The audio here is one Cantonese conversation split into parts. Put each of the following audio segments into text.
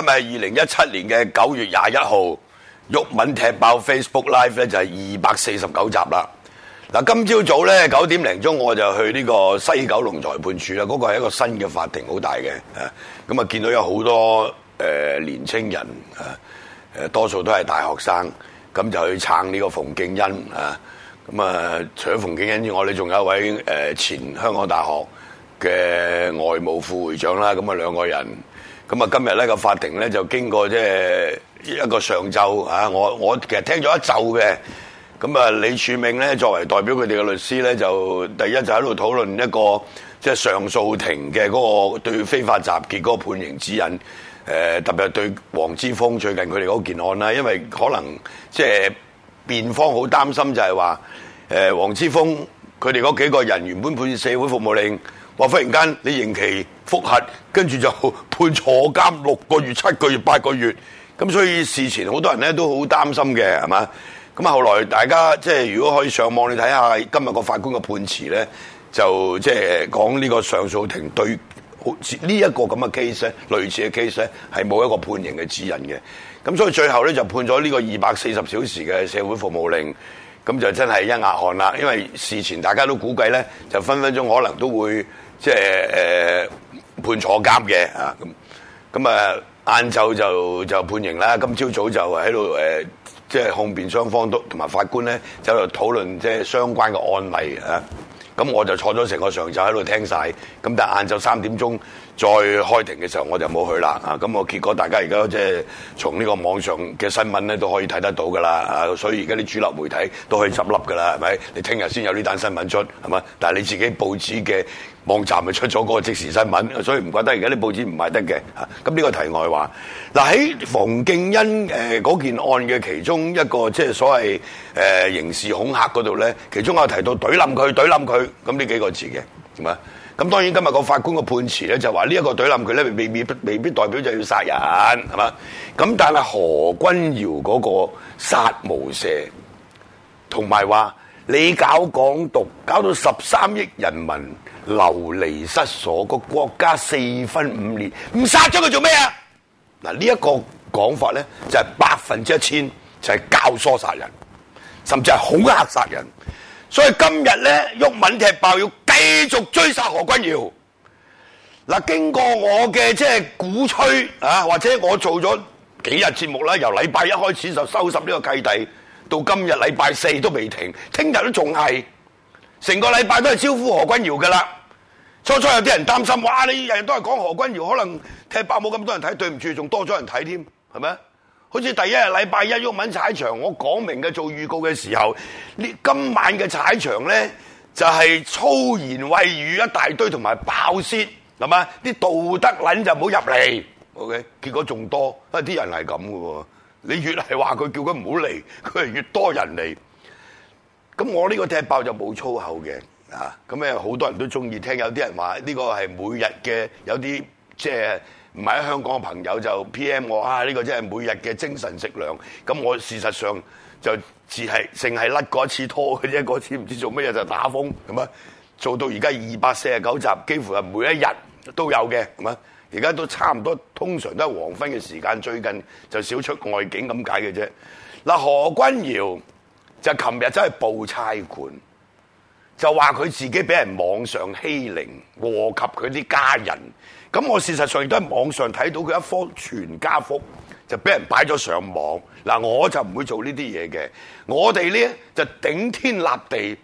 咁咪二零一七年嘅九月廿一號，毓民踢爆 Facebook Live 咧就係二百四十九集啦。嗱，今朝早咧九點零鐘我就去呢個西九龍裁判處啦，嗰、那個係一個新嘅法庭，好大嘅。咁啊，見到有好多誒、呃、年青人，啊誒，多數都係大學生，咁、啊、就去撐呢個馮敬恩啊，咁啊，除咗馮敬恩之外，咧仲有一位誒前香港大學嘅外務副會長啦。咁啊，兩個人。咁啊，今日呢個法庭呢就經過即係一個上晝啊，我我其實聽咗一晝嘅。咁啊，李柱銘呢作為代表佢哋嘅律師呢，就第一就喺度討論一個即係、就是、上訴庭嘅嗰個對非法集結嗰個判刑指引，誒特別係對黃之鋒最近佢哋嗰件案啦，因為可能即係辯方好擔心就係話誒黃之鋒佢哋嗰幾個人原本判社會服務令。我忽然間你刑期覆核，跟住就判坐監六個月、七個月、八個月，咁所以事前好多人咧都好擔心嘅，係嘛？咁後來大家即係如果可以上網，你睇下今日個法官嘅判詞咧，就即係講呢個上訴庭對好似呢一個咁嘅 case，類似嘅 case 咧係冇一個判刑嘅指引嘅，咁所以最後咧就判咗呢個二百四十小時嘅社會服務令，咁就真係一額汗啦，因為事前大家都估計咧，就分分鐘可能都會。即係誒、呃、判坐監嘅啊，咁咁啊，晏晝就就判刑啦。今朝早，早就喺度誒，即係控辯雙方都同埋法官咧，就喺度討論即係相關嘅案例啊。咁我就坐咗成個上晝喺度聽晒咁。但係晏晝三點鐘再開庭嘅時候，我就冇去啦啊。咁、啊、我結果大家而家即係從呢個網上嘅新聞咧都可以睇得到㗎啦啊。所以而家啲主流媒體都可以執笠㗎啦，係咪？你聽日先有呢單新聞出係嘛？但係你自己報紙嘅。網站咪出咗嗰個即時新聞，所以唔怪得而家啲報紙唔係得嘅。咁呢個題外話，嗱喺馮敬恩誒嗰件案嘅其中一個，即係所謂誒、呃、刑事恐嚇嗰度咧，其中有提到懟冧佢，懟冧佢，咁呢幾個字嘅。咁啊，咁當然今日個法官個判詞咧就話呢一個懟冧佢咧，未必未必代表就要殺人，係嘛？咁但係何君堯嗰個殺無赦，同埋話。你搞港獨，搞到十三億人民流離失所，個國家四分五裂，唔殺咗佢做咩啊？嗱，呢一個講法咧就係百分之一千就係教唆殺人，甚至係恐嚇殺人。所以今日咧，毓民踢爆要繼續追殺何君堯。嗱，經過我嘅即係鼓吹啊，或者我做咗幾日節目咧，由禮拜一開始就收拾呢個契弟。到今日禮拜四都未停，聽日都仲係，成個禮拜都係招呼何君堯嘅啦。初初有啲人擔心，哇！你日日都係講何君堯，可能踢爆冇咁多人睇，對唔住，仲多咗人睇添，係咪？好似第一日禮拜一，毓民踩場，我講明嘅做預告嘅時候，呢今晚嘅踩場咧就係、是、粗言穢語一大堆，同埋爆笑，係嘛？啲道德撚就冇入嚟。OK，結果仲多，因為啲人係咁嘅喎。你越係話佢叫佢唔好嚟，佢係越多人嚟。咁我呢個踢爆就冇粗口嘅，啊咁咧，好多人都中意聽。有啲人話呢個係每日嘅，有啲即係唔係喺香港嘅朋友就 PM 我啊，呢個真係每日嘅精神食糧。咁我事實上就只係淨係甩過一次拖嘅啫，嗰次唔知做乜嘢就打風咁啊。做到而家二百四十九集，幾乎係每一日都有嘅咁啊。而家都差唔多，通常都係黃昏嘅時間。最近就少出外景咁解嘅啫。嗱，何君堯就琴日真係報差館，就話佢自己俾人網上欺凌，禍及佢啲家人。咁我事實上亦都喺網上睇到佢一幅全家福，就俾人擺咗上網。嗱，我就唔會做呢啲嘢嘅。我哋呢就頂天立地，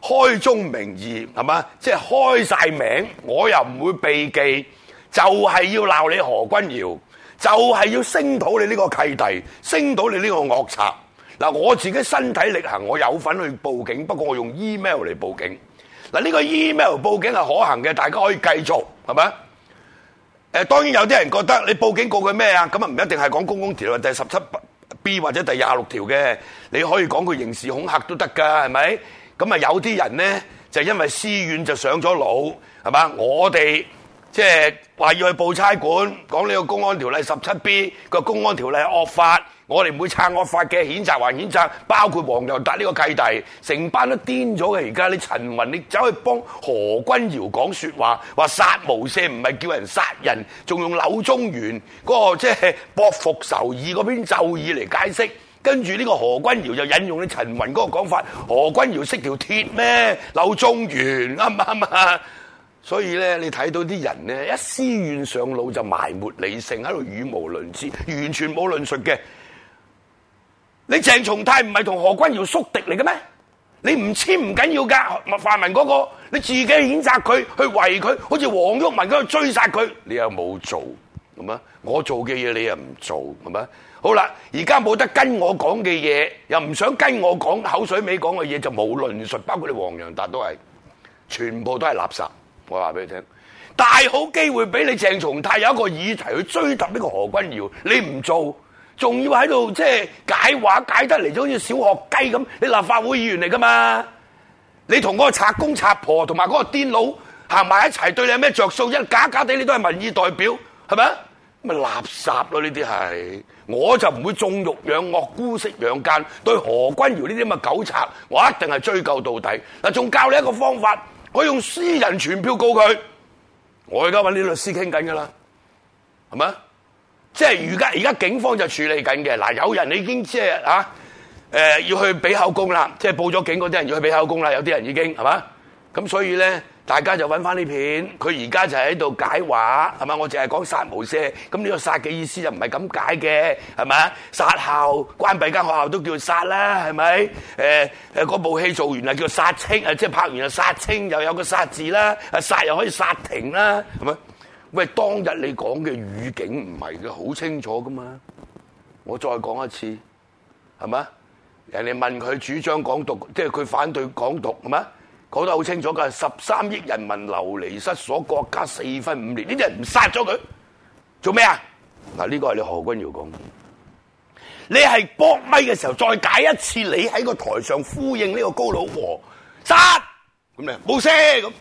開宗明義，係嘛？即係開晒名，我又唔會避忌。就係要鬧你何君堯，就係、是、要聲討你呢個契弟，聲討你呢個惡賊。嗱，我自己身體力行，我有份去報警，不過我用 email 嚟報警。嗱，呢個 email 報警係可行嘅，大家可以繼續，係咪？誒，當然有啲人覺得你報警告佢咩啊？咁啊唔一定係講《公共條例》第十七 B 或者第廿六條嘅，你可以講佢刑事恐嚇都得㗎，係咪？咁啊有啲人呢，就是、因為私怨就上咗腦，係嘛？我哋。即係話要去報差館，講呢個公安條例十七 B 個公安條例惡法，我哋唔會撐惡法嘅，譴責還譴責。包括黃洋達呢個契弟，成班都癲咗嘅而家。你陳雲，你走去幫何君堯講説話，話殺無赦唔係叫人殺人，仲用柳宗元嗰、嗰個即係駁復仇議嗰篇奏議嚟解釋。跟住呢個何君堯就引用你陳雲嗰個講法，何君堯識條鐵咩？柳宗元啱唔啱啊？所以咧，你睇到啲人咧一私怨上腦就埋沒理性，喺度語無倫次，完全冇論述嘅。你鄭松泰唔係同何君堯宿敵嚟嘅咩？你唔簽唔緊要噶，泛民嗰個你自己譴責佢，去圍佢，好似黃毓民咁去追殺佢，你又冇做，係咪？我做嘅嘢你又唔做，係咪？好啦，而家冇得跟我講嘅嘢，又唔想跟我講口水尾講嘅嘢，就冇論述。包括你黃洋達都係全部都係垃圾。我話俾你聽，大好機會俾你鄭松泰有一個議題去追擊呢個何君堯，你唔做，仲要喺度即係解話解得嚟，好似小學雞咁。你立法會議員嚟噶嘛？你同嗰個賊公賊婆同埋嗰個癲佬行埋一齊，對你有咩着數？一假假地，你都係民意代表，係咪啊？咪垃圾咯！呢啲係，我就唔會縱欲養惡、姑息養奸。對何君堯呢啲咁嘅狗賊，我一定係追究到底。嗱，仲教你一個方法。我用私人傳票告佢，我而家揾啲律師傾緊噶啦，係咪？即係而家警方就處理緊嘅。有人已經即係啊，誒、呃、要去俾口供啦，即係報咗警嗰啲人要去俾口供啦，有啲人已經係咪，咁所以咧。大家就揾翻呢片，佢而家就喺度解話，係嘛？我淨係講殺無赦，咁呢個殺嘅意思就唔係咁解嘅，係咪啊？殺校關閉間學校都叫殺啦，係咪？誒、呃、誒，嗰部戲做完啊叫殺青，誒即係拍完啊殺青，又有個殺字啦，啊殺又可以殺停啦，係咪？喂，當日你講嘅語境唔係嘅，好清楚噶嘛？我再講一次，係咪？人哋問佢主張港獨，即係佢反對港獨，係咪？講得好清楚噶，十三億人民流離失所，國家四分五裂，呢啲人唔殺咗佢，做咩啊？嗱，呢個係你何君堯講，你係搏麥嘅時候再解一次，你喺個台上呼應呢個高老婆殺咁你冇聲咁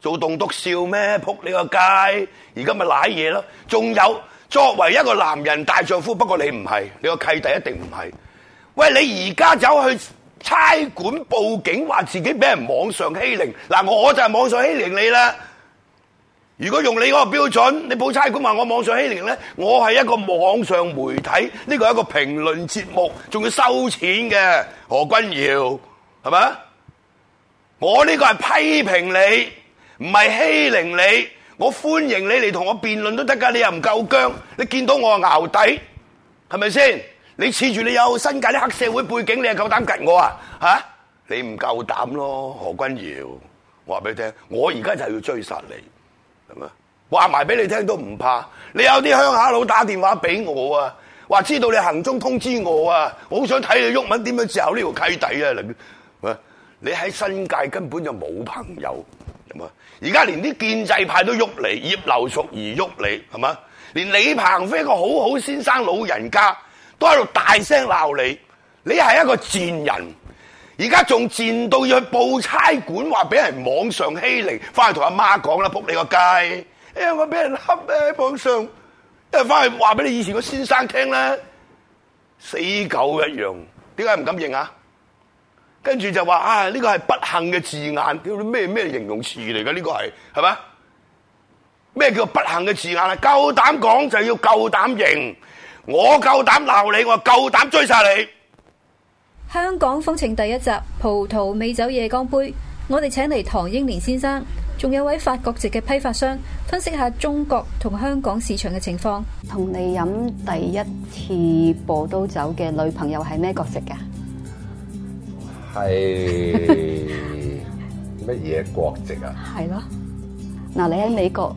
做棟篤笑咩？扑你個街，而家咪瀨嘢咯。仲有作為一個男人大丈夫，不過你唔係，你個契弟一定唔係。喂，你而家走去？差館報警話自己俾人網上欺凌，嗱，我就係網上欺凌你啦！如果用你嗰個標準，你報差館話我網上欺凌咧，我係一個網上媒體，呢個係一個評論節目，仲要收錢嘅何君堯，係咪啊？我呢個係批評你，唔係欺凌你。我歡迎你嚟同我辯論都得㗎，你又唔夠薑。你見到我係淆底，係咪先？你恃住你有新界啲黑社會背景，你又夠膽近我啊？吓？你唔夠膽咯，何君堯！我話俾你聽，我而家就要追殺你，係嘛？話埋俾你聽都唔怕。你有啲鄉下佬打電話俾我啊，話知道你行蹤通知我啊。我好想睇你喐文點樣之後呢個契弟啊！你，喺新界根本就冇朋友，係嘛？而家連啲建制派都喐你，葉劉淑儀喐你，係嘛？連李鵬飛個好好先生老人家。都喺度大聲鬧你，你係一個賤人，而家仲賤到要去報差館，話俾人網上欺凌，翻去同阿媽講啦，仆你個街！因、欸、為我俾人黑喺網上，一翻去話俾你以前個先生聽啦，死狗一樣，點解唔敢認啊？跟住就話啊，呢個係不幸嘅字眼，叫咩咩形容詞嚟㗎？呢個係，係咪？咩叫不幸嘅字眼啊？夠膽講就要夠膽認。我夠膽鬧你，我夠膽追殺你。香港風情第一集，葡萄美酒夜光杯，我哋請嚟唐英年先生，仲有位法國籍嘅批發商，分析下中國同香港市場嘅情況。同你飲第一次波刀酒嘅女朋友係咩國籍噶？係乜嘢國籍啊？係咯， 嗱的， 你喺美國。